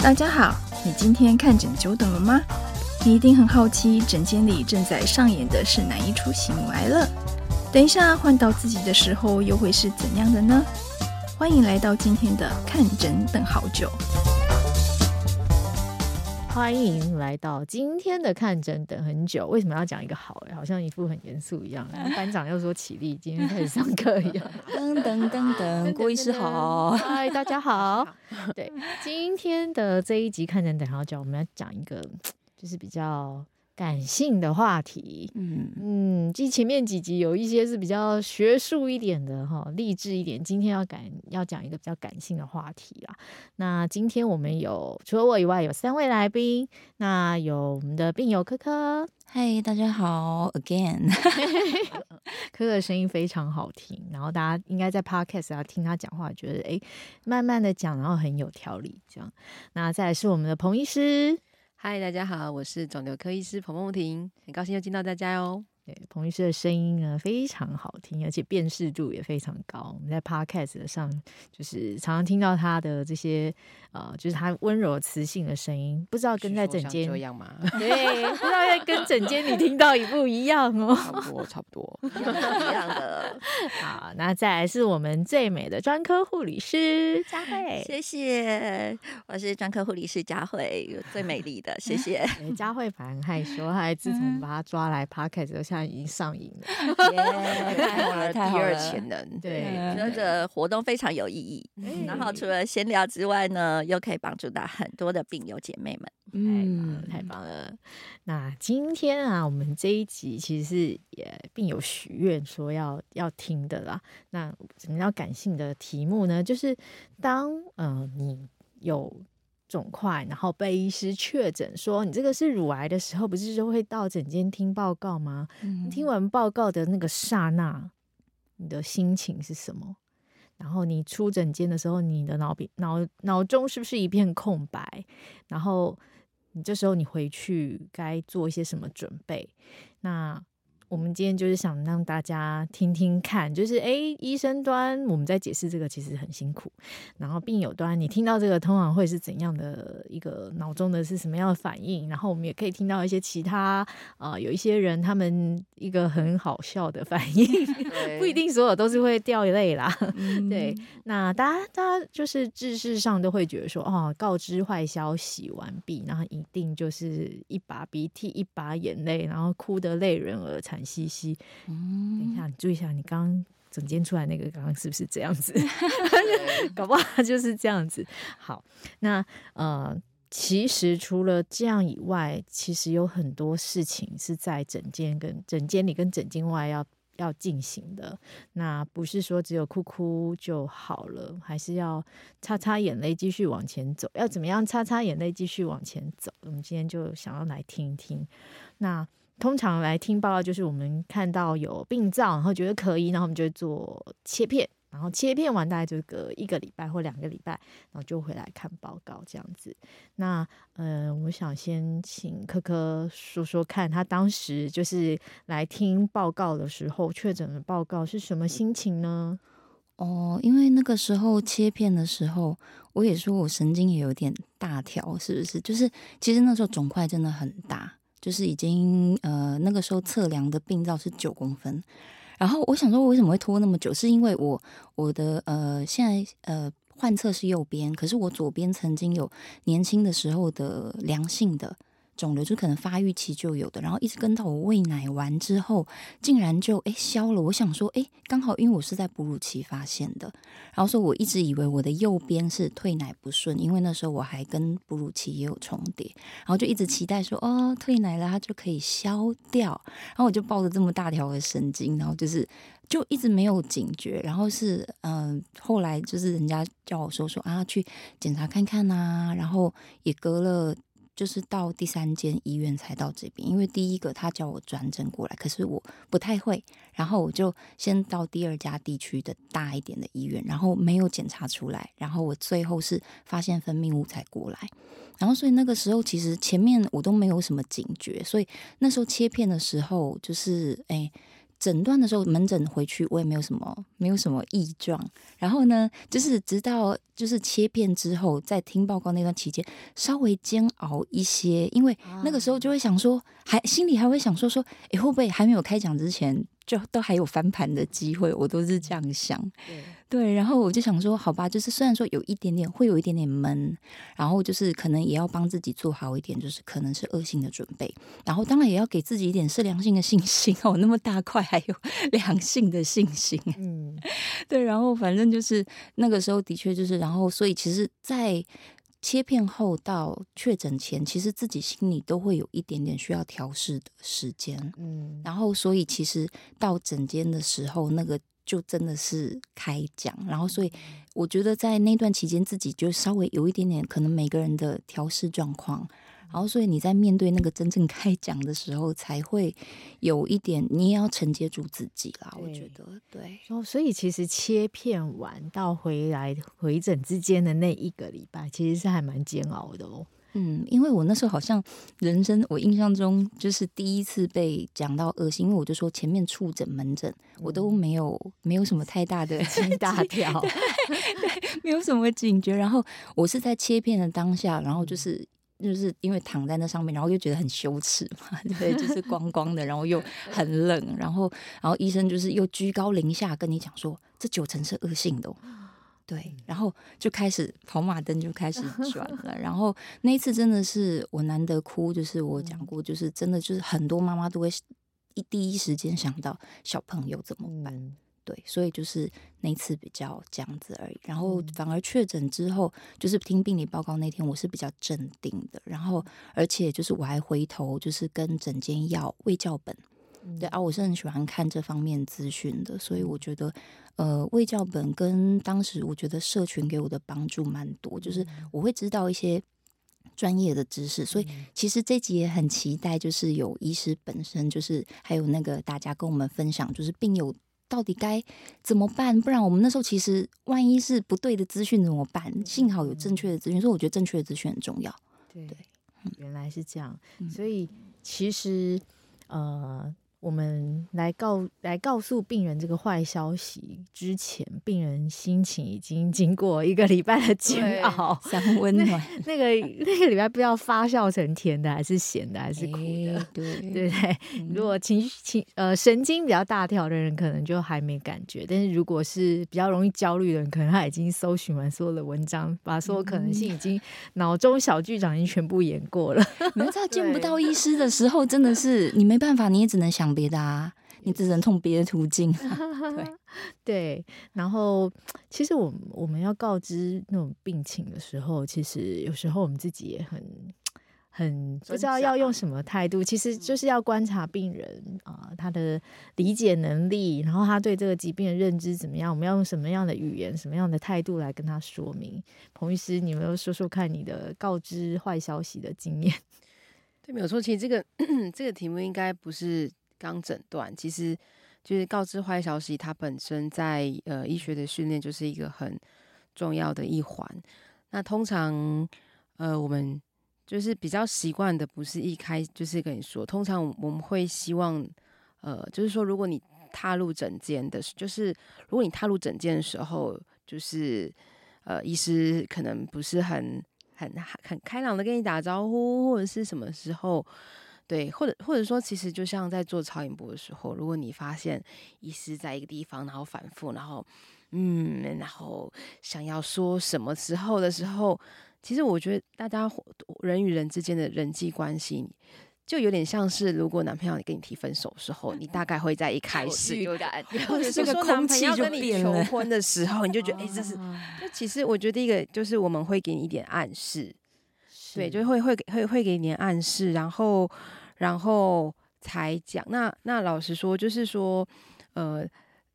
大家好，你今天看診久等了嗎？你一定很好奇，診間裡正在上演的是哪一出喜怒哀樂？等一下換到自己的時候，又會是怎樣的呢？歡迎來到今天的看診等好久。歡迎來到今天的看診，等很久。為什麼要講一個好誒？好像一副很嚴肅一樣。班長又說起立，今天開始上課一樣。噔噔噔噔，郭醫師好，嗨，大家好。對，今天的這一集看診等好久，我們要講一個，就是比較。感性的話題，嗯嗯，就、嗯、前面幾集有一些是比較學術一點的哈，勵志一點。今天要感要講一個比較感性的話題啦。那今天我們有除了我以外有三位來賓，那有我們的病友柯柯，嗨，hey, 大家好，again， 柯柯的聲音非常好聽，然後大家應該在 podcast 啊聽他講話，覺得誒，慢慢的講，然後很有條理這樣。那再來是我們的彭醫師。嗨，Hi, 大家好，我是腫瘤科醫師彭夢婷，很高興又見到大家喲。對，彭醫師的聲音呢，非常好聽，而且辨識度也非常高。我們在 podcast 上就是常常聽到他的這些，呃，就是他溫柔磁性的聲音。不知道跟在診間一樣嗎？對， 不知道跟診間你聽到一不一樣哦。差不多，差不多，一樣的。好，那再來是我們最美的專科護理師佳慧，謝謝。我是專科護理師佳慧，最美麗的，謝謝。嗯、佳慧反而害羞，還自從把他抓來 podcast 就、嗯已經上癮了， yeah, 對太有第二潛能。對，這活動非常有意義。然後除了閒聊之外呢，又可以幫助到很多的病友姐妹們，嗯、太棒了，太棒了。那今天啊，我們這一集其實是也病友許願說要要聽的啦。那怎麼要感性的題目呢？就是當、呃、你有。腫塊，然後被醫師確診說你這個是乳癌的時候，不是就會到診間聽報告嗎？嗯、你聽完報告的那個剎那，你的心情是什麼？然後你出診間的時候，你的腦腦腦中是不是一片空白？然後你這時候你回去該做一些什麼準備？那。我們今天就是想讓大家聽聽看，就是哎，醫生端我們在解釋這個其實很辛苦，然後病友端你聽到這個通常會是怎樣的一個腦中的是什麼樣的反應？然後我們也可以聽到一些其他，呃，有一些人他們一個很好笑的反應，對 不一定所有都是會掉淚啦。嗯嗯 對，那大家大家就是知識上都會覺得說，哦，告知壞消息完畢，然後一定就是一把鼻涕一把眼淚，然後哭得淚人兒才。喘兮兮，等一下，你注意一下，你剛剛診間出來那個剛剛是不是這樣子？ 對搞不好就是這樣子。好，那呃，其實除了這樣以外，其實有很多事情是在診間跟診間裡跟診間外要要進行的。那不是說只有哭哭就好了，還是要擦擦眼淚繼續往前走？要怎麼樣擦擦眼淚繼續往前走？我們今天就想要來聽一聽，那。通常來聽報告就是我們看到有病灶，然後覺得可疑，然後我們就做切片，然後切片完大概就隔一個禮拜或兩個禮拜，然後就回來看報告這樣子。那嗯、呃，我想先請柯柯說，說說看，他當時就是來聽報告的時候確診的報告是什麼心情呢？哦，因為那個時候切片的時候，我也說我神經也有點大條，是不是？就是其實那時候腫塊真的很大。就是已經呃那個時候測量的病灶是九公分，然後我想說，我為什麼會拖那麼久？是因為我我的呃現在呃患側是右邊，可是我左邊曾經有年輕的時候的良性的。腫瘤就是可能發育期就有的，然後一直跟到我餵奶完之後，竟然就誒消了。我想說，誒，剛好因為我是在哺乳期發現的，然後說我一直以為我的右邊是退奶不順，因為那時候我還跟哺乳期也有重疊，然後就一直期待說哦，退奶了它就可以消掉，然後我就抱着這麼大條的神經，然後就是就一直沒有警覺，然後是嗯、呃，後來就是人家叫我說說啊，去檢查看看吶、啊，然後也隔了。就是到第三間醫院才到這邊，因為第一個他叫我轉診過來，可是我不太會，然後我就先到第二家地區的大一點的醫院，然後沒有檢查出來，然後我最後是發現分泌物，才過來，然後所以那個時候其實前面我都沒有什麼警覺，所以那時候切片的時候就是哎。欸診斷的時候，門診回去我也沒有什麼，沒有什麼異狀。然後呢，就是直到就是切片之後，在聽報告那段期間，稍微煎熬一些，因為那個時候就會想說，還心裡還會想說說，哎，會不會還沒有開獎之前，就都還有翻盤的機會？我都是這樣想。對，然後我就想說，好吧，就是雖然說有一點點，會有一點點悶，然後就是可能也要幫自己做好一點，就是可能是惡性的準備，然後當然也要給自己一點是良性的信心哦，那麼大塊還有良性的信心，嗯，對，然後反正就是那個時候的確就是，然後所以其實，在。切片後到確診前，其實自己心裡都會有一點點需要調適的時間，嗯，然後所以其實到診間的時候，那個就真的是開講，然後所以我覺得在那段期間，自己就稍微有一點點，可能每個人的調適狀況。然後，所以你在面對那個真正開講的時候，才會有一點，你也要承接住自己啦。對我覺得，對哦。所以其實切片完到回來回診之間的那一個禮拜，其實是還蠻煎熬的哦。嗯，因為我那時候好像人生我印象中就是第一次被講到惡心，因為我就說前面觸診門診、嗯、我都沒有沒有什麼太大的心大跳 對對，對，沒有什麼警覺。然後我是在切片的當下，然後就是。就是因為躺在那上面，然後又覺得很羞恥嘛，對，就是光光的，然後又很冷，然後，然後醫生就是又居高臨下跟你講說，這九成是惡性的哦。對，然後就開始跑馬燈就開始轉了，然後那一次真的是我難得哭，就是我講過，就是真的就是很多媽媽都會一第一時間想到小朋友怎麼辦。對，所以就是那次比較這樣子而已。然後反而確診之後，就是聽病理報告那天，我是比較鎮定的。然後，而且就是我還回頭就是跟診間要衛教本，對，啊，我是很喜歡看這方面資訊的。所以我覺得，呃，衛教本跟當時我覺得社群給我的幫助蠻多，就是我會知道一些專業的知識。所以其實這集也很期待，就是有醫師本身，就是還有那個大家跟我們分享，就是病友。到底該怎麼辦？不然我們那時候其實萬一是不對的資訊怎麼辦？幸好有正確的資訊，所以我覺得正確的資訊很重要。對，對，原來是這樣。嗯，所以，嗯，其實，呃。我們來告來告訴病人這個壞消息之前，病人心情已經經過一個禮拜的煎熬，想溫暖 那，那個那個禮拜不知道發酵成甜的還是鹹的還是苦的，對、欸、對？對對嗯、如果情緒情呃神經比較大條的人，可能就還沒感覺，但是如果是比較容易焦慮的人，可能他已經搜尋完所有的文章，把所有可能性已經腦中小劇場已經全部演過了。你如果在、嗯、 對見不到醫師的時候，真的是你沒辦法，你也只能想。別的啊，你只能從別的途徑、啊。對， 對，然後其實我們我們要告知那種病情的時候，其實有時候我們自己也很很不知道要用什麼態度。其實就是要觀察病人啊、呃，他的理解能力，然後他對這個疾病的認知怎麼樣。我們要用什麼樣的語言、什麼樣的態度來跟他說明？彭醫師，你有沒有說說看你的告知壞消息的經驗？對，沒有錯。其實這個咳咳這個題目應該不是。剛診斷，其實就是告知壞消息。他本身在呃醫學的訓練就是一個很重要的一環。那通常呃我們就是比較習慣的，不是一開就是跟你說。通常我們會希望呃就是說，如果你踏入診間的，就是如果你踏入診間的時候，就是呃醫師可能不是很很很開朗的跟你打招呼，或者是什麼時候。對，或者或者說，其實就像在做超音波的時候，如果你發現遺失在一個地方，然後反覆，然後嗯，然後想要說什麼時候的時候，其實我覺得大家人與人之間的人際關係，就有點像是如果男朋友跟你提分手的時候，你大概會在一開始，有有或者是個空氣跟你求婚的時候， 你就覺得哎，這是，就其實我覺得第一個就是我們會給你一點暗示。對，就會會，會給會會給您暗示，然後然後才講。那那老實說，就是說，呃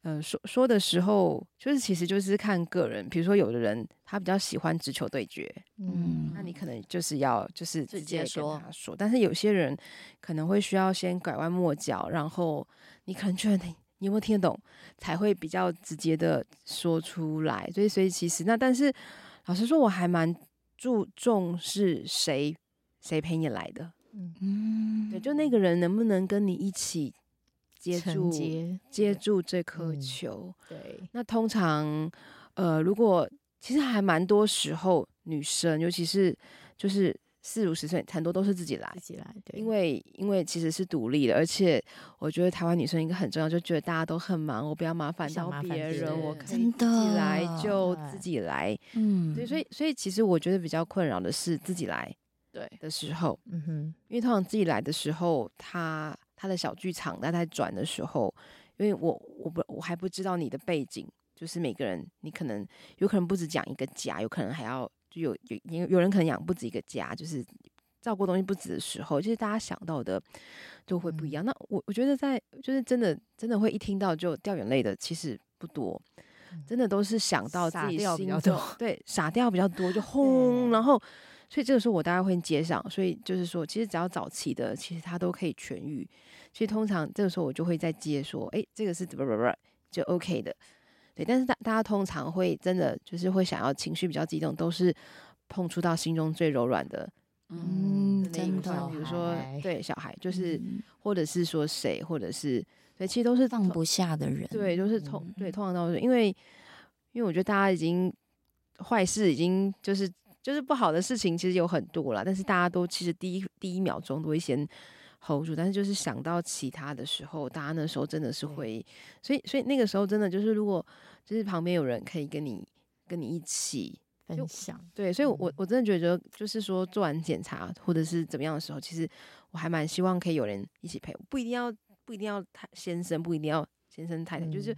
呃，說說的時候，就是其實就是看個人。比如說，有的人他比較喜歡直球對決，嗯，那你可能就是要就是直接跟他說。說但是有些人可能會需要先拐彎抹角，然後你可能覺得你你有沒有聽得懂，才會比較直接的說出來。所以所以其實那但是老實說，我還蠻。注重是誰，誰陪你來的，嗯，對，就那個人能不能跟你一起接住接、接住這顆球。嗯，對，那通常，呃，如果其實還蠻多時候，女生尤其是就是。嗯四五十歲，很多都是自己來，自己來，對，因為因為其實是獨立的，而且我覺得台灣女生一個很重要，就覺得大家都很忙，我不要麻煩到別人，人是我可以自己來就自己來，嗯的，對，對，所以所以其實我覺得比較困擾的是自己來對的時候，嗯哼對，因為通常自己來的時候，他他的小劇場他在轉的時候，因為我我不我還不知道你的背景，就是每個人你可能有可能不止講一個家，有可能還要。就有有有人可能養不止一個家，就是照顧東西不止的時候，其實大家想到的都會不一樣。嗯、那我我覺得在就是真的真的會一聽到就掉眼淚的，其實不多，真的都是想到自己心中對傻掉比較多，就轟，嗯、然後所以這個時候我大概會接上，所以就是說，其實只要早期的，其實它都可以痊癒。其實通常這個時候我就會再接說，哎、欸，這個是怎麼就 OK 的。但是大大家通常會真的就是會想要情緒比較激動，都是碰觸到心中最柔軟的，嗯，那一段，比如說對小孩，就是、嗯、或者是說誰，或者是對，其實都是放不下的人，對，都、就是、嗯、對、通、對，通常都是因為因為我覺得大家已經壞事已經就是，就是不好的事情其實有很多了，但是大家都其實第一第一秒鐘都會先。hold 住，但是就是想到其他的時候，大家那時候真的是會，對所以所以那個時候真的就是，如果就是旁邊有人可以跟你跟你一起分享，很想對，所以我我真的覺得就是說做完檢查或者是怎麼樣的時候，其實我還蠻希望可以有人一起陪，不一定要不一定要先生，不一定要先生太太，就是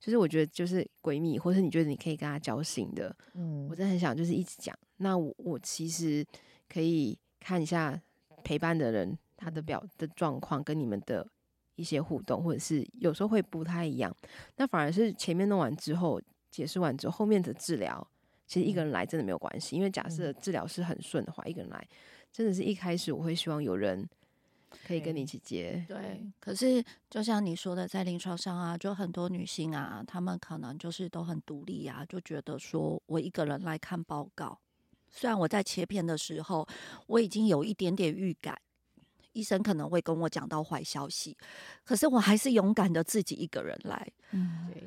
就是我覺得就是閨蜜，或者你覺得你可以跟他交心的，嗯，我真的很想就是一直講。那我我其實可以看一下陪伴的人。他的表的狀況跟你們的一些互動，或者是有時候會不太一樣。那反而是前面弄完之後，解釋完之後，後面的治療，其實一個人來真的沒有關係。因為假設治療是很順的話，嗯、一個人來，真的是一開始我會希望有人可以跟你一起接。欸、對。可是就像你說的，在臨床上啊，就很多女性啊，她們可能就是都很獨立啊，就覺得說我一個人來看報告，雖然我在切片的時候我已經有一點點預感。醫生可能會跟我講到壞消息，可是我還是勇敢的自己一個人來。嗯、對。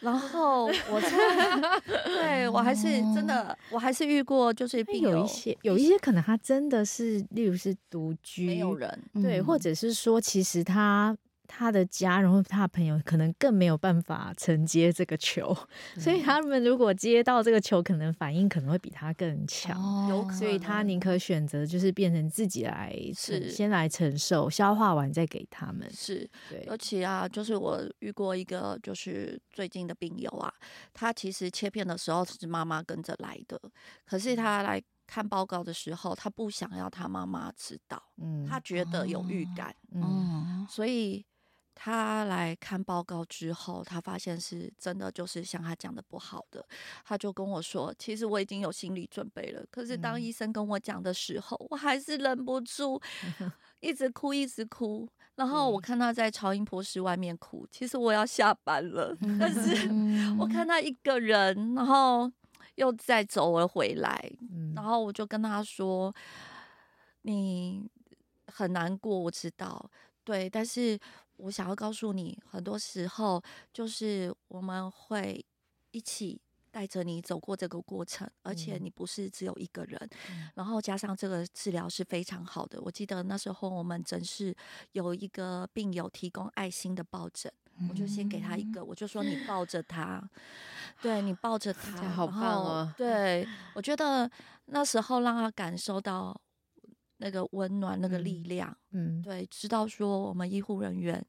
然後我， 對、嗯、我還是真的，我還是遇過，就是病友，有一些，有一些可能他真的是，例如是獨居，沒有人，對，嗯、或者是說其實他。他的家人、他的朋友可能更沒有辦法承接這個球，嗯、所以他們如果接到這個球，可能反應可能會比他更強，有可能。所以他寧可選擇就是變成自己來是先來承受，消化完再給他們。是，對。尤其啊，就是我遇過一個就是最近的病友啊，他其實切片的時候是媽媽跟着來的，可是他來看報告的時候，他不想要他媽媽知道，嗯、他覺得有預感，嗯，嗯所以。他來看報告之後，他發現是真的，就是像他講的不好的。他就跟我說：“其實我已經有心理準備了，可是當醫生跟我講的時候，我還是忍不住一直，一直哭，一直哭。然後我看他在超音波室外面哭。其實我要下班了，但是我看他一個人，然後又再走了回來，然後我就跟他說：‘你很難過，我知道。’對，但是我想要告訴你，很多時候就是我們會一起帶着你走過這個過程，嗯、而且你不是只有一個人，嗯、然後加上這個治療是非常好的。我記得那時候我們診室有一個病友提供愛心的抱枕，嗯、我就先給他一個，我就說，你抱着他， 對，你抱着他，然後好棒啊，對，我覺得那時候讓他感受到那個溫暖，那個力量。嗯嗯，對，知道說我們醫護人員，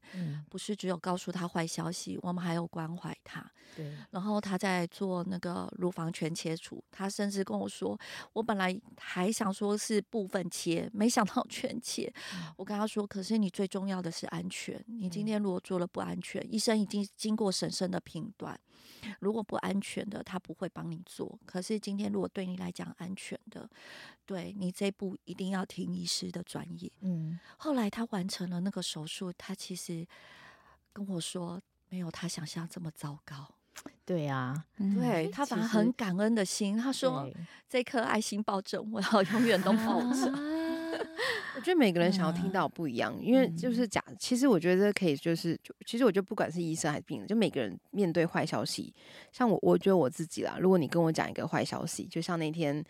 不是只有告訴他壞消息，嗯、我們還有關懷他。對，然後他在做那個乳房全切除，他甚至跟我說，我本來還想說是部分切，沒想到全切。嗯、我跟他說，可是你最重要的是安全，你今天如果做了不安全，醫生已經經過審慎的評斷，如果不安全的，他不會幫你做。可是今天如果對你來講安全的，對，你這一步一定要聽醫師的專業，嗯。後來他完成了那個手術，他其實跟我說沒有他想象這麼糟糕。對呀、啊，對他把他很感恩的心，實他說對這顆愛心抱枕，我要永遠都抱着。 我覺得每個人想要聽到不一樣，嗯、因為就是假。其實我覺得可以，就是其實我覺得不管是醫生還是病人，就每個人面對壞消息，像我，我覺得我自己啦。如果你跟我講一個壞消息，就像那天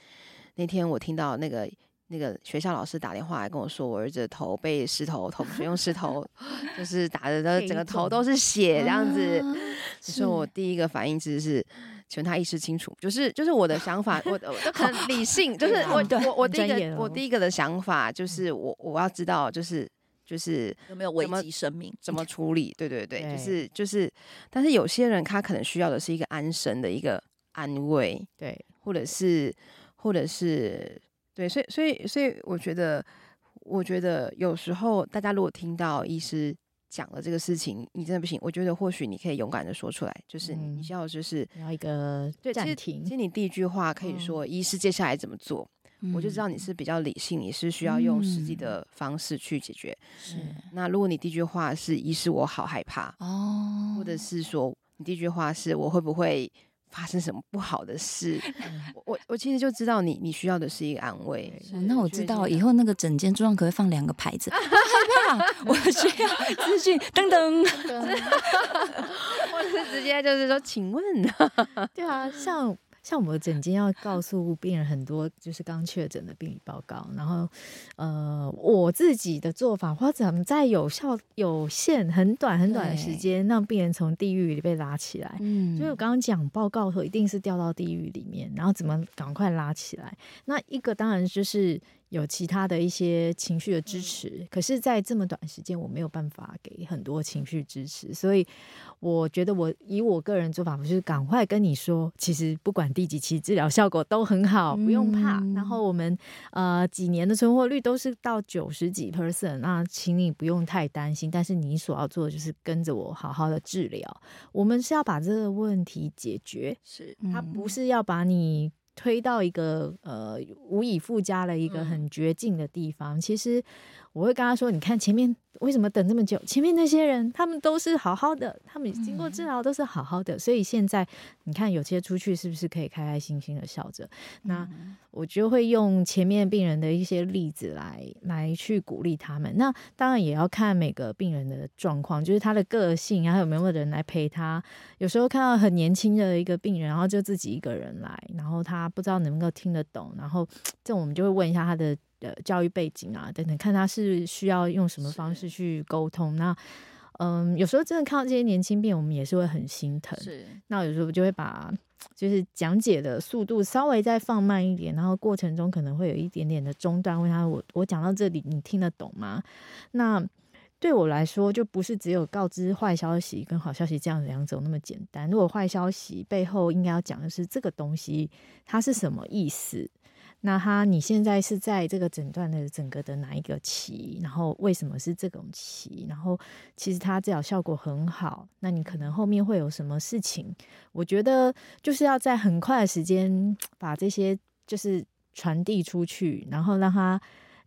那天我聽到那個。那個學校老師打電話來跟我說，我兒子的頭被石頭頭不用石頭就是打的，他整個頭都是血這樣子。所以、啊，我第一個反應其、就、實是請問他意識清楚，就是就是我的想法， 我都很理性， 就是我我我第一個我第一個的想法就是我我要知道就是就是有沒有危及生命，怎麼處理？對對對,對，對就是就是，但是有些人他可能需要的是一個安神的一個安慰，對或，或者是或者是。對，所以所以所以，所以我覺得，我覺得有時候大家如果聽到醫師講了這個事情，你真的不行。我覺得或許你可以勇敢的說出來，就是你需要就是、嗯、要一個暫停。對，其實，其實你第一句話可以說：“醫師接下來怎麼做？”嗯、我就知道你是比較理性，你是需要用實際的方式去解決。是、嗯。那如果你第一句話是“醫師，我好害怕”，哦，或者是說你第一句話是“我會不會”。發生什麼不好的事？嗯、我我其實就知道你你需要的是一個安慰。對那我知道以後，那個整間桌上可以放兩個牌子，我需要資訊等等，噔噔 我是直接就是說，請問、啊？對啊， 像。像我們診間要告訴病人很多，就是剛確診的病理報告。嗯、然後，呃，我自己的做法，或者怎麼在有效、有限、很短、很短的時間，對讓病人從地獄裡被拉起來。嗯、所以我剛剛講報告的時候，一定是掉到地獄裡面，然後怎麼趕快拉起來？那一個當然就是。有其他的一些情緒的支持，嗯、可是，在這麼短時間，我沒有辦法給很多情緒支持，所以我覺得我以我個人做法，我就是趕快跟你說，其實不管第幾期治療效果都很好，不用怕。嗯、然後我們呃幾年的存活率都是到九十幾 percent，那請你不用太擔心。但是你所要做的就是跟着我好好的治療，我們是要把這個問題解決，是它不是要把你。推到一個呃無以復加的一個很絕境的地方，嗯、其實我會跟他說：“你看前面。”為什麼等那麼久？前面那些人，他們都是好好的，他們經過治療都是好好的，嗯、所以現在你看有些出去是不是可以開開心心的笑着？嗯、那我就會用前面病人的一些例子來來去鼓勵他們。那當然也要看每個病人的狀況，就是他的個性，然後有沒有人來陪他。有時候看到很年輕的一個病人，然後就自己一個人來，然後他不知道能不能夠聽得懂，然後這我們就會問一下他的。的教育背景啊，等等，看他是需要用什麼方式去溝通。是那，嗯，有時候真的看到這些年輕病，我們也是會很心疼。是，那有時候就會把，就是講解的速度稍微再放慢一點，然後過程中可能會有一點點的中斷，問他我我講到這裡，你聽得懂嗎？那對我來說，就不是只有告知壞消息跟好消息這樣兩種那麼簡單。如果壞消息背後應該要講的是這個東西，它是什麼意思？嗯那他，你現在是在這個診斷的整個的哪一個期？然後為什麼是這種期？然後其實他治療效果很好，那你可能後面會有什麼事情？我覺得就是要在很快的時間把這些就是傳遞出去，然後讓他誒、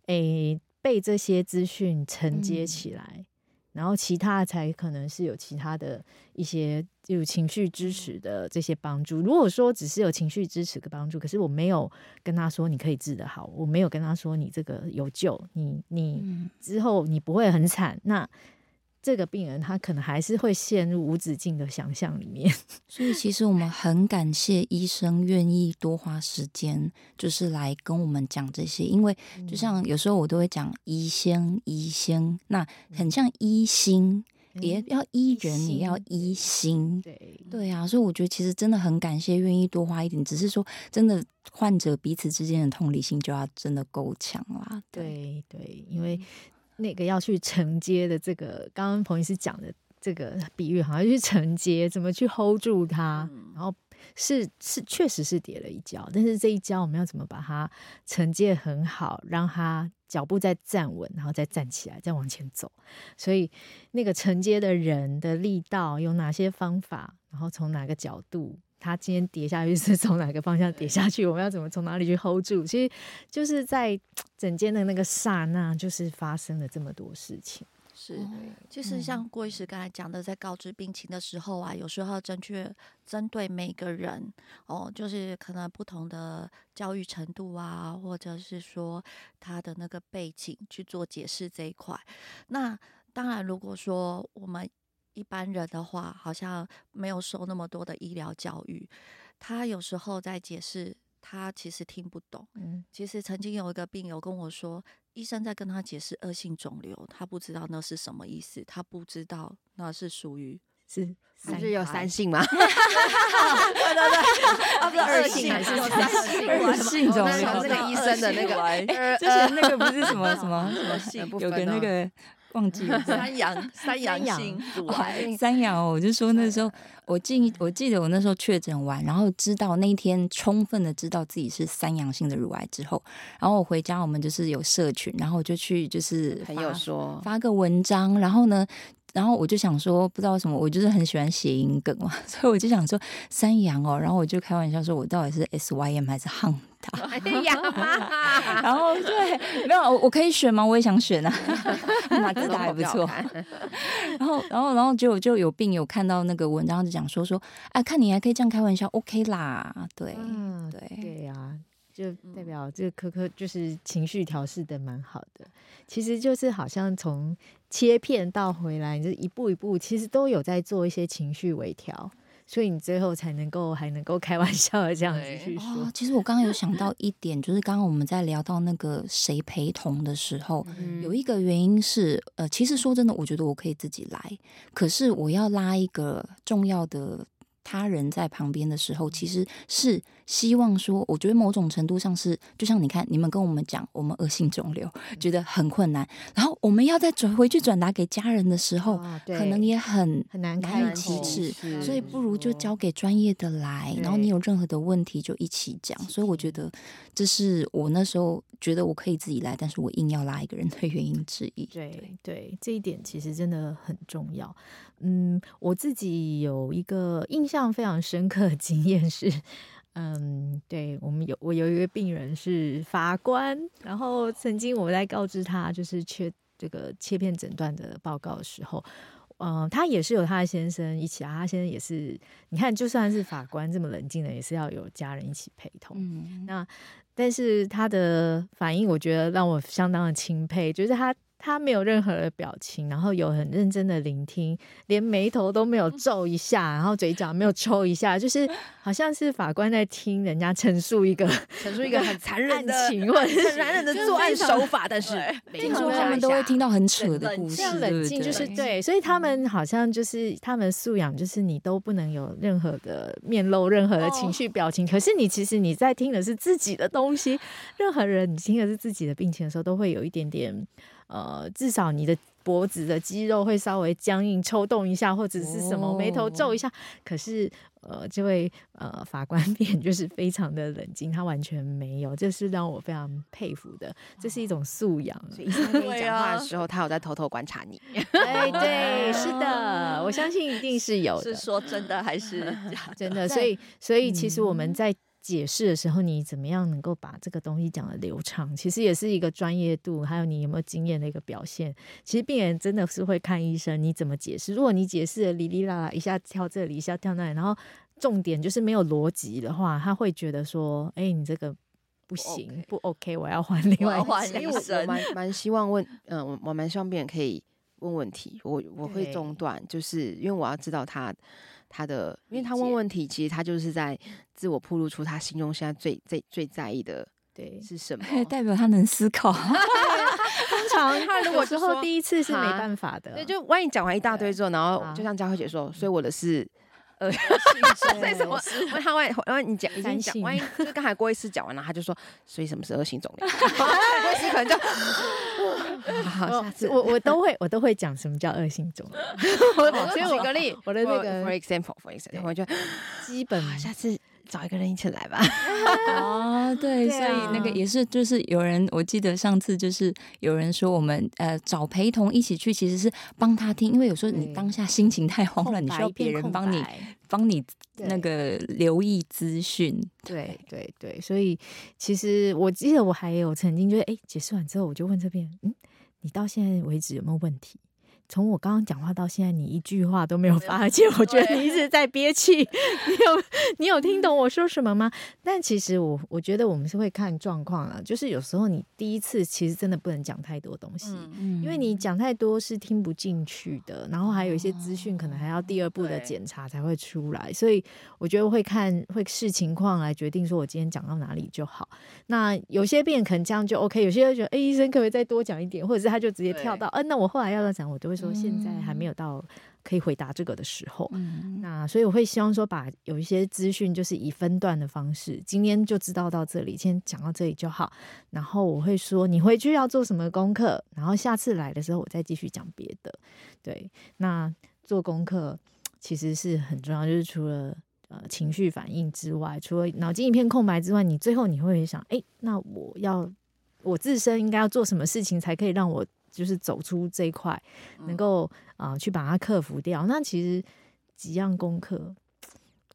欸、被這些資訊承接起來。嗯然後其他才可能是有其他的一些就情緒支持的這些幫助。如果說只是有情緒支持的幫助，可是我沒有跟他說，你可以治得好，我沒有跟他說，你這個有救，你你之後你不會很慘，那。這個病人他可能還是會陷入無止境的想象裡面，所以其實我們很感謝醫生願意多花時間，就是來跟我們講這些，因為就像有時候我都會講醫，醫生醫生那很像醫心，也要醫人，也要醫心。對對，對啊，所以我覺得其實真的很感謝願意多花一點，只是說真的，患者彼此之間的同理心就要真的夠強啦、啊。對對，嗯、因為。那個要去承接的這個，剛剛彭醫師講的這個比喻，好像去承接，怎麼去 hold 住它。然後是是，是確實是跌了一跤，但是這一跤我們要怎麼把它承接很好，讓它腳步再站穩，然後再站起來，再往前走。所以那個承接的人的力道有哪些方法？然後從哪個角度？他今天跌下去是從哪個方向跌下去？我們要怎麼從哪裡去 hold 住？其實就是在整間的那個剎那，就是發生了這麼多事情。是，就是像郭醫師剛才講的，在告知病情的時候啊，有時候要正確針對每個人哦，就是可能不同的教育程度啊，或者是說他的那個背景去做解釋這一塊。那當然，如果說我們一般人的話，好像沒有受那麼多的醫療教育，他有時候在解釋，他其實聽不懂。其實曾經有一個病友跟我說，醫生在跟他解釋惡性腫瘤，他不知道那是什麼意思，他不知道那是屬於是，不是有三性嗎？對對對哈哈哈！是二性，還是三性，惡性腫瘤那個醫生的那個，之前那個不是什麼什麼什麼性，有個那個。忘記了三陽 三陽性，乳癌、哦、三陽、哦。我就說那時候，對我記我記得我那時候確診完，然後知道那天充分的知道自己是三陽性的乳癌之後，然後我回家，我們就是有社群，然後我就去就是朋友說發個文章，然後呢。然後我就想說，不知道什麼，我就是很喜歡諧音梗嘛，所以我就想說，三陽哦，然後我就開玩笑說，我到底是 SYM 還是 Honda？、哎、 然後對，沒有我，我可以選嗎？我也想選啊，馬自達也不錯。然後，然後，然後就就有病友看到那個文章，就講說說，哎、啊，看你還可以這樣開玩笑，OK 啦，對、嗯、對對、啊、呀，就代表這個柯柯就是情緒調適得蠻好的，其實就是好像從。切片倒回來，你就一步一步，其實都有在做一些情緒微調，所以你最後才能夠還能夠開玩笑的這樣子去說。哦，其實我剛剛有想到一點，就是剛剛我們在聊到那個誰陪同的時候，嗯，有一個原因是，呃，其實說真的，我覺得我可以自己來，可是我要拉一個重要的。他人在旁邊的時候，其實是希望說，我覺得某種程度上是，就像你看，你們跟我們講，我們惡性腫瘤、嗯、覺得很困難，然後我們要再轉回去轉達給家人的時候，嗯嗯、可能也很很難堪、棘手，所以不如就交給專業的來。嗯、然後你有任何的問題就一起講。對所以我覺得這是我那時候覺得我可以自己來，但是我硬要拉一個人的原因之一。對對，這一點其實真的很重要。嗯，我自己有一個印象。非常非常深刻的經驗是，嗯，對我們有我有一個病人是法官，然後曾經我在告知他就是切這個切片診斷的報告的時候，嗯，他也是有他的先生一起啊，他先生也是，你看就算是法官這麼冷靜的，也是要有家人一起陪同。嗯。那但是他的反應，我覺得讓我相當的欽佩，就是他。他沒有任何的表情，然後有很認真的聆聽，連眉頭都沒有皺一下，然後嘴角沒有抽一下，就是好像是法官在聽人家陳述一個陳述一個很殘忍的案情，或者是很殘忍的作案手法。但是，聽說對、啊、他們都會聽到很扯的故事，這樣對對冷靜，就是對。對，所以他們好像就是他們的素養，就是你都不能有任何的面露任何的情緒表情。哦、可是你其實你在聽的是自己的東西，任何人你聽的是自己的病情的時候，都會有一點點。呃，至少你的脖子的肌肉會稍微僵硬、抽動一下，或者是什麼眉頭皺一下。哦、可是，呃，這位呃，法官面就是非常的冷靜，他完全沒有，這是讓我非常佩服的，這是一種素養。哦、所以你講話的時候， 他有在偷偷觀察你。對對，是的，我相信一定是有的。是說真的還是假的？ 真的。所以，所以其實我們在。解釋的時候，你怎麼樣能夠把這個東西講得流暢？其實也是一個專業度，還有你有沒有經驗的一個表現。其實病人真的是會看醫生你怎麼解釋。如果你解釋的哩哩啦啦，一下跳這裡，一下跳那裡，然後重點就是沒有邏輯的話，他會覺得說：“哎、欸，你這個不行，okay, 不 OK，我要換另外醫生。”因為我蠻蠻希望問，嗯、呃，我蠻希望病人可以問問題，我我會中斷，對就是因為我要知道他。他的，因為他問問題，解其實他就是在自我暴露出他心中現在最最最在意的，對，是什麼？代表他能思考。 通常 他如果就是說， 第一次是沒辦法的，哈對，就萬一講完一大堆之後，對然後就像佳慧姐說，啊、所以我的是。惡性，所以什麼？那萬一萬一你講，你講，萬一就剛才郭醫師講完了，他就說，所以什麼是惡性腫瘤？好，郭醫師可能就，好，下次我我都會我都會講什麼叫惡性腫瘤。所以我舉個例，我的那個，for example，for example，我就基本下次。找一個人一起來吧。啊、 哦，對，對啊、所以那個也是，就是有人我記得上次就是有人說我們呃找陪同一起去，其實是幫他聽，因為有時候你當下心情太慌亂，嗯、你需要別人幫你幫你那個留意資訊。對對對，對，對，對，所以其實我記得我還有曾經就是哎解釋完之後我就問這邊嗯你到現在為止有沒有問題？從我剛剛講話到現在，你一句話都沒有發，而且我覺得你一直在憋氣。你有你有聽懂我說什麼嗎？但其實我我覺得我們是會看狀況啊，就是有時候你第一次其實真的不能講太多東西，因為你講太多是聽不進去的。然後還有一些資訊可能還要第二步的檢查才會出來，所以我覺得會看會視情況來決定，說我今天講到哪裡就好。那有些病人可能這樣就 OK，有些人覺得哎、欸、醫生可不可以再多講一點，或者是他就直接跳到、啊，嗯那我後來要再講我都。說現在還沒有到可以回答這個的時候，嗯，那所以我會希望說，把有一些資訊就是以分段的方式，今天就知道到這裡，先講到這裡就好。然後我會說，你回去要做什麼功課？然後下次來的時候，我再繼續講別的。對，那做功課其實是很重要，就是除了呃情緒反應之外，除了腦筋一片空白之外，你最後你會想，哎，欸，那我要我自身應該要做什麼事情，才可以讓我。就是走出這一塊，能夠啊、呃、去把它克服掉。那其實幾樣功課，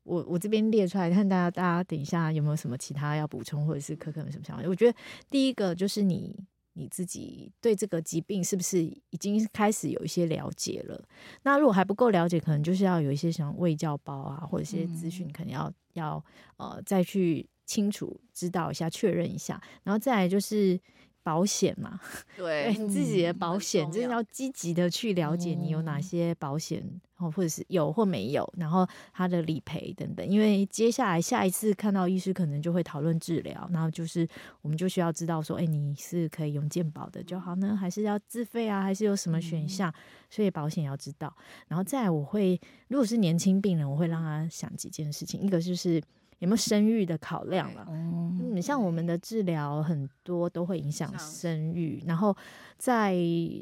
我我這邊列出來，看大家大家等一下有沒有什麼其他要補充，或者是可可有什麼想法？我覺得第一個就是你你自己對這個疾病是不是已經開始有一些了解了？那如果還不夠了解，可能就是要有一些什麼衛教包啊，或者一些資訊，可能要要呃再去清楚知道一下，確認一下。然後再來就是，保險嘛，對你、嗯、自己的保險，就是要積極的去了解你有哪些保險，然後、嗯、或者是有或沒有，然後他的理賠等等。因為接下來下一次看到醫師可能就會討論治療，然後就是我們就需要知道說，哎、欸，你是可以用健保的就好呢，還是要自費啊，還是有什麼選項？所以保險要知道。然後再來我會，如果是年輕病人，我會讓他想幾件事情，一個就是。有沒有生育的考量了、啊？嗯，你、嗯嗯、像我們的治療很多都會影響生育，像然後在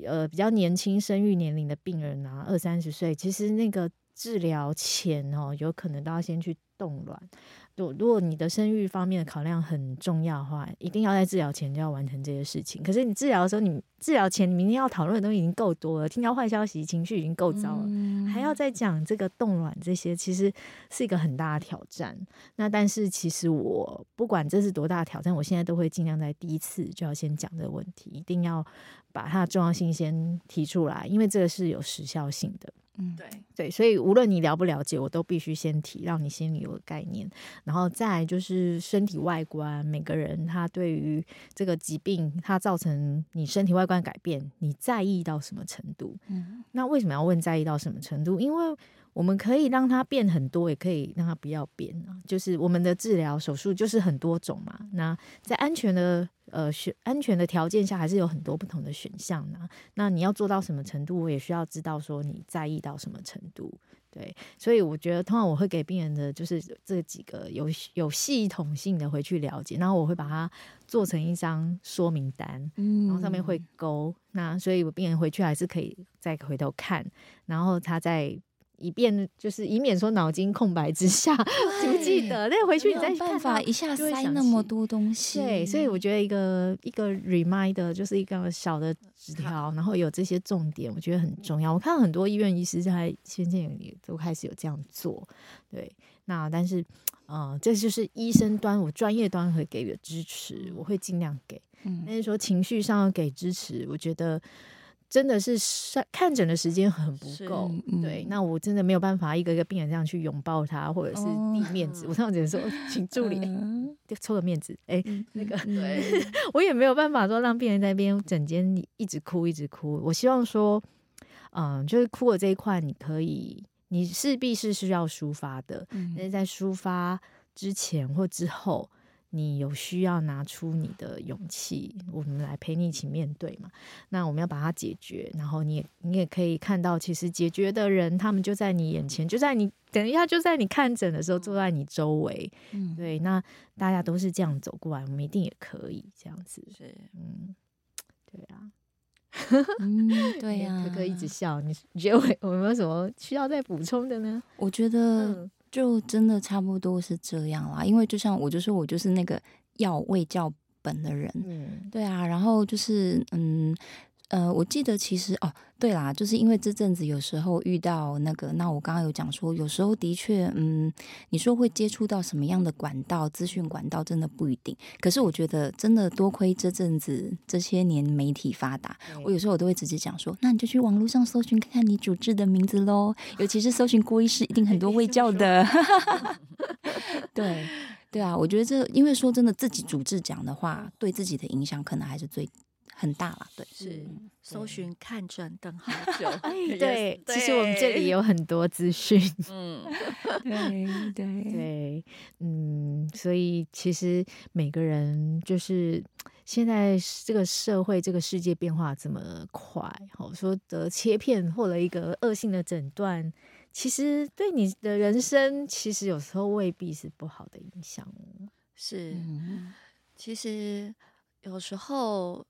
呃比較年輕生育年齡的病人啊，二三十歲，其實那個。治療前哦，有可能都要先去凍卵。如如果你的生育方面的考量很重要的話，一定要在治療前就要完成這些事情。可是你治療的時候，你治療前你明天要討論的東西已經夠多了，聽到壞消息情緒已經夠糟了，嗯、還要再講這個凍卵這些，其實是一個很大的挑戰。那但是其實我不管這是多大的挑戰，我現在都會盡量在第一次就要先講這個問題，一定要把它的重要性先提出來，因為這個是有時效性的。嗯，對對，所以無論你了不了解，我都必須先提，讓你心裡有個概念，然後再來就是身體外觀，每個人他對於這個疾病它造成你身體外觀改變，你在意到什麼程度？嗯，那為什麼要問在意到什麼程度？因為我們可以讓它變很多，也可以讓它不要變啊。就是我們的治療手術就是很多種嘛。那在安全的呃選安全的條件下，還是有很多不同的選項呢啊。那你要做到什麼程度，我也需要知道說你在意的。到什麼程度？對，所以我覺得通常我會給病人的，就是這幾個有有系統性的回去了解，然後我會把它做成一張說明單，嗯，然後上面會勾，嗯、那所以病人回去還是可以再回頭看，然後他再。以便就是以免說腦筋空白之下記不對記得，那回去你再去看沒辦法一下塞那麼多東西。對，所以我覺得一個一個 reminder 就是一個小的紙條，好然後有這些重點，我覺得很重要。嗯、我看到很多醫院醫師在現在也都開始有這樣做。對，那但是嗯、呃，這就是醫生端我專業端會給予支持，我會儘量給。嗯、但是說情緒上要給支持，我覺得。真的是看診的時間很不夠，嗯、對，那我真的沒有辦法一個一個病人這樣去擁抱他，或者是遞面子。哦、我上次說請助理、嗯欸、就湊個面子，哎、欸，嗯、那個，對、嗯， 我也沒有辦法說讓病人在那邊診間一直哭一直哭。我希望說，嗯、呃，就是哭的這一塊，你可以，你勢必是需要抒發的，嗯、但是在抒發之前或之後，你有需要拿出你的勇氣，嗯、我們來陪你一起面對嘛。那我們要把它解決，然後你也你也可以看到，其實解決的人他們就在你眼前，嗯、就在你等一下，就在你看診的時候、哦、坐在你周圍。嗯、對，那大家都是這樣走過來，嗯、我們一定也可以這樣子。是，嗯，對啊， 嗯、對啊，柯柯一直笑。你覺得我有沒有什麼需要再補充的呢？我覺得。嗯就真的差不多是這樣啦，因為就像我就說我就是那個要為教本的人，嗯，對啊，然後就是嗯。呃，我記得其實哦，對啦，就是因為這陣子有時候遇到那個，那我剛剛有講說，有時候的確，嗯，你說會接觸到什麼樣的管道、資訊管道，真的不一定。可是我覺得，真的多虧這陣子這些年媒體發達，我有時候我都會直接講說，那你就去網絡上搜尋看看你主治的名字嘍，尤其是搜尋郭醫師，一定很多衛教的。 對，對啊，我覺得這因為說真的，自己主治講的話，對自己的影響可能還是最。很大啦，對，是、嗯、搜尋、對看診等好久。哎， 對，對，其實我們這裡有很多資訊。嗯， 對對，對嗯，所以其實每個人就是現在這個社會、這個世界變化這麼快，好說得切片或者一個惡性的診斷，其實對你的人生，其實有時候未必是不好的影響。是，嗯、其實有時候。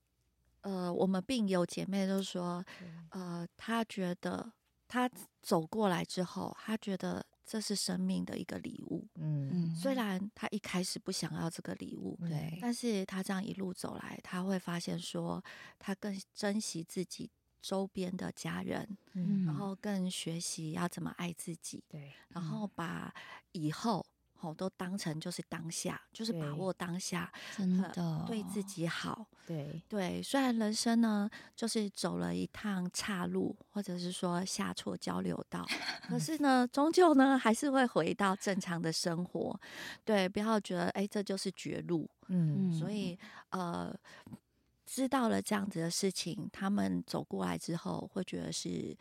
呃，我們病友姐妹都說，呃，她覺得她走過來之後，她覺得這是生命的一個禮物。嗯，雖然她一開始不想要這個禮物，對，但是她這樣一路走來，她會發現說，她更珍惜自己周邊的家人，嗯，然後更學習要怎麼愛自己，對，然後把以後哦都當成就是當下，就是把握當下，真的，呃，對自己好。對對，雖然人生呢，就是走了一趟岔路，或者是說下錯交流道，可是呢，終究呢，還是會回到正常的生活。對，不要覺得哎，這就是絕路。嗯，所以呃，知道了這樣子的事情，他們走過來之後，會覺得是。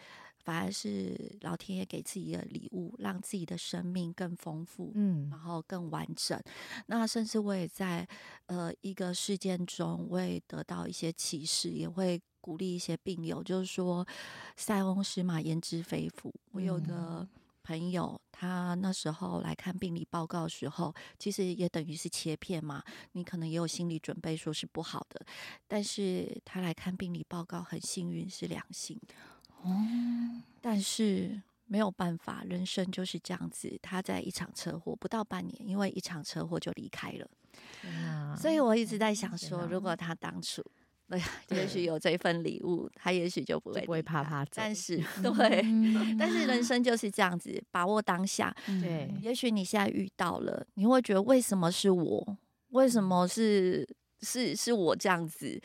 反而是老天爺給自己的禮物，讓自己的生命更豐富，嗯，然後更完整。那甚至我也在呃一個事件中，我也得到一些啟示，也會鼓勵一些病友，就是說塞翁失馬焉知非福。嗯、我有個朋友他那時候來看病理報告的時候，其實也等於是切片嘛，你可能也有心理準備說是不好的，但是他來看病理報告很幸運是良性哦，但是沒有辦法，人生就是這樣子。他在一場車禍不到半年，因為一場車禍就離開了。啊、所以我一直在想說，啊、如果他當初，嗯、也許有這份禮物，他也許就不會就不會趴趴走。但是、嗯、對，嗯、但是人生就是這樣子，把握當下。嗯、對，也許你現在遇到了，你會覺得為什麼是我？為什麼是是是我這樣子？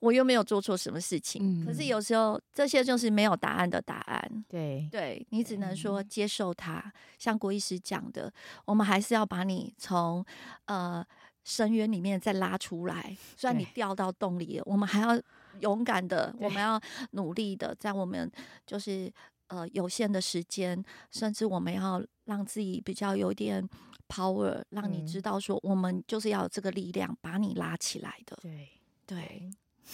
我又沒有做錯什麼事情，嗯、可是有時候這些就是沒有答案的答案。對，對，你只能說接受它。嗯、像郭醫師講的，我們還是要把你從呃深淵裡面再拉出來。雖然你掉到洞裡了，對我們還要勇敢的，對我們要努力的，在我們就是呃有限的時間，甚至我們要讓自己比較有點 power，讓你知道說，嗯、我們就是要有這個力量把你拉起來的。對，對。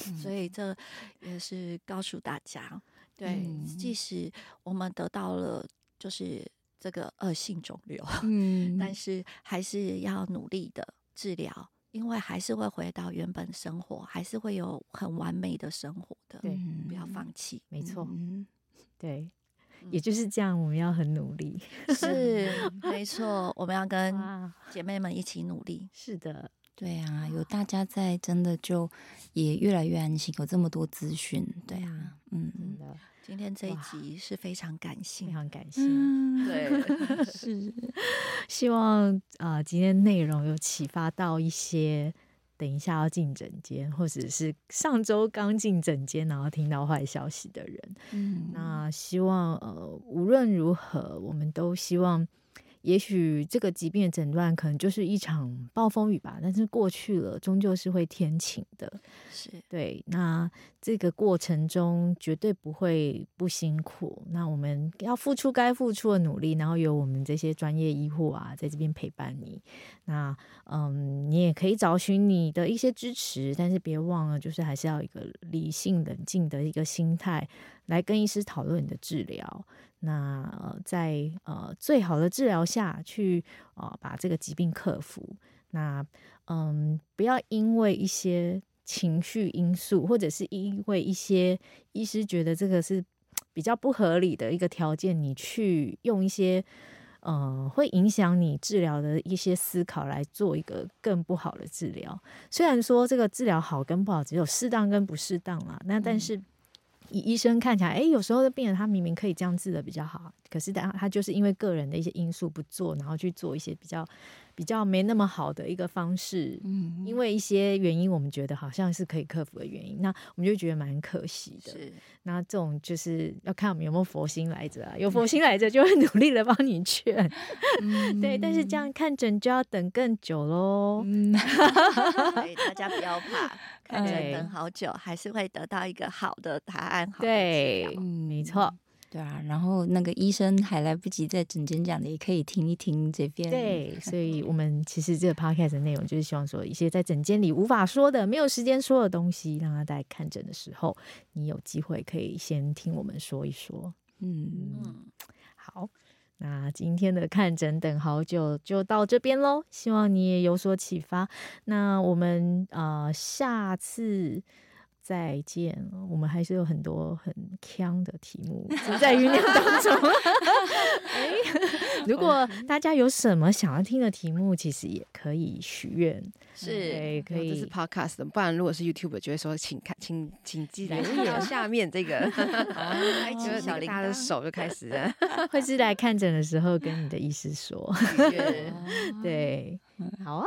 嗯、所以，這也是告訴大家，對，嗯、即使我們得到了就是這個惡性腫瘤，嗯，但是還是要努力的治療，因為還是會回到原本生活，還是會有很完美的生活的。的對、嗯，不要放棄，沒錯，嗯、對，嗯、也就是這樣，我們要很努力、嗯， 是沒錯，我們要跟姐妹們一起努力，是的。對啊，有大家在，真的就也越來越安心。有這麼多資訊，對啊，嗯。今天這一集是非常感謝，非常感謝。嗯、對，是希望啊、呃，今天內容有啟發到一些等一下要進診間，或者是上周剛進診間然後聽到壞消息的人。嗯，那希望呃，無論如何，我們都希望，也許這個疾病的診斷可能就是一場暴風雨吧，但是過去了，終究是會天晴的。是對，那這個過程中絕對不會不辛苦。那我們要付出該付出的努力，然後有我們這些專業醫護啊，在這邊陪伴你。那嗯，你也可以找尋你的一些支持，但是別忘了，就是還是要一個理性、冷靜的一個心態來跟醫師討論你的治療。那在呃，最好的治療下去啊，呃，把這個疾病克服。那嗯，不要因為一些情緒因素，或者是因為一些醫師覺得這個是比較不合理的一個條件，你去用一些嗯、呃、會影響你治療的一些思考來做一個更不好的治療。雖然說這個治療好跟不好只有適當跟不適當啦，那但是，嗯醫生看起來，哎，有時候的病人，他明明可以這樣治的比較好，可是他他就是因為個人的一些因素不做，然後去做一些比較。比較沒那麼好的一個方式，嗯、因為一些原因，我們覺得好像是可以克服的原因，那我們就覺得蠻可惜的。是，那這種就是要看我們有沒有佛心來着、啊，有佛心來着就會努力的幫你勸，嗯、 對。但是這樣看診就要等更久嘍。嗯，所以 大家不要怕，看診等好久對還是會得到一個好的答案。對，嗯、沒錯。對啊，然後那個醫生還來不及在診間講的，也可以聽一聽這邊。對，所以我們其實這個 podcast 的內容就是希望說，一些在診間裡無法說的、沒有時間說的東西，讓他在看診的時候，你有機會可以先聽我們說一說。嗯，嗯好，那今天的看診等好久就到這邊嘍，希望你也有所啟發。那我們啊、呃，下次。再見，我們還是有很多很強的題目在醞釀當中、欸。如果大家有什麼想要聽的題目，其實也可以許願。是，okay, 可以。哦、這是 podcast，不然如果是 YouTube，就會說請看，請請記得留言、啊、下面這個,、哦哎、這個小鈴鐺的手就開始了。會是來看診的時候跟你的醫師說。對，哦對嗯、好啊。